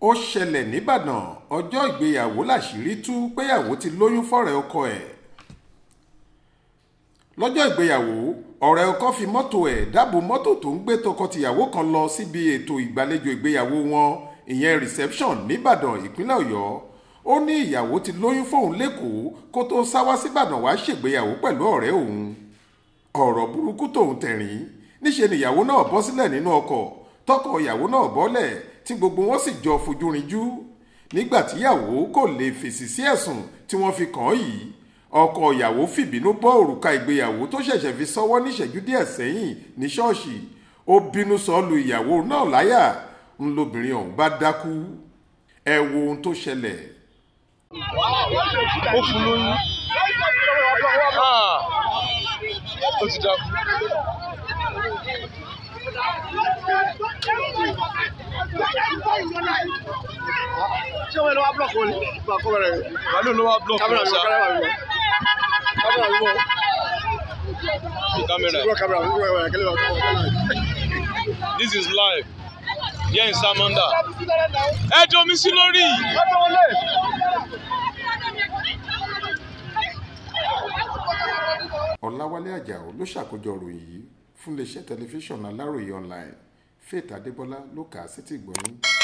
ó ṣẹlẹ̀ nìbàdàn ọjọ́ ìgbéyàwó láṣìírí tú péyàwó ti lóyún fọ́rẹ̀ ọkọ ẹ̀ lọ́jọ́ ìgbéyàwó ọ̀rẹ́ ọkọ fi mọ́tò ẹ̀ dáàbò mọ́tò tó ń gbé tọkọ-tìyàwó kan lọ síbi ètò ìgbàlejò ìgbéyàwó wọn ìyẹn reception nìbàdàn ìpínlẹ̀ ọ̀yọ́ ó ní ìyàwó ti lóyún fóun lẹ́kọ̀ọ́ kó tó sá wá síbàdàn wá ṣègbéyàwó pẹ̀lú ọ̀rẹ́ òun ọ̀rọ̀ burúkú tóun tẹ̀rín níṣe nìyàwó náà bọ́ sílẹ̀ nínú ọkọ̀ tọkọ ìyàwó náà bọ́lẹ̀ tí gbogbo wọn sì jọ fojú rinjú nígbà tíyàwó kò lè fèsì sí ẹ̀sùn tí wọ́n fi kàn án yìí ọkọ ìyàwó fìbínú bọ́ òrùka ìgbéyàwó tó ṣẹ̀ṣẹ̀ fi sọ́wọ́ níṣẹ́jú díẹ̀ sẹ́yìn ní ṣọ́ọ̀ṣì ó bínú sọ lu ìyàwó náà láyà ń lobìnrin ọ̀hún bá dákú ẹ wo ohun tó ṣẹlẹ̀. ó fún lóyún ah! ó ti dákú. this is live here in Samanda. ẹ jọ mi sí lórí. Ọláwálé Àjàó ló ṣàkójọ ròyìn yìí fún iléeṣẹ́ tẹlifíṣàn Aláròye online Faith Adébọ́lá ló kà á sétí ìgbọ̀nyín.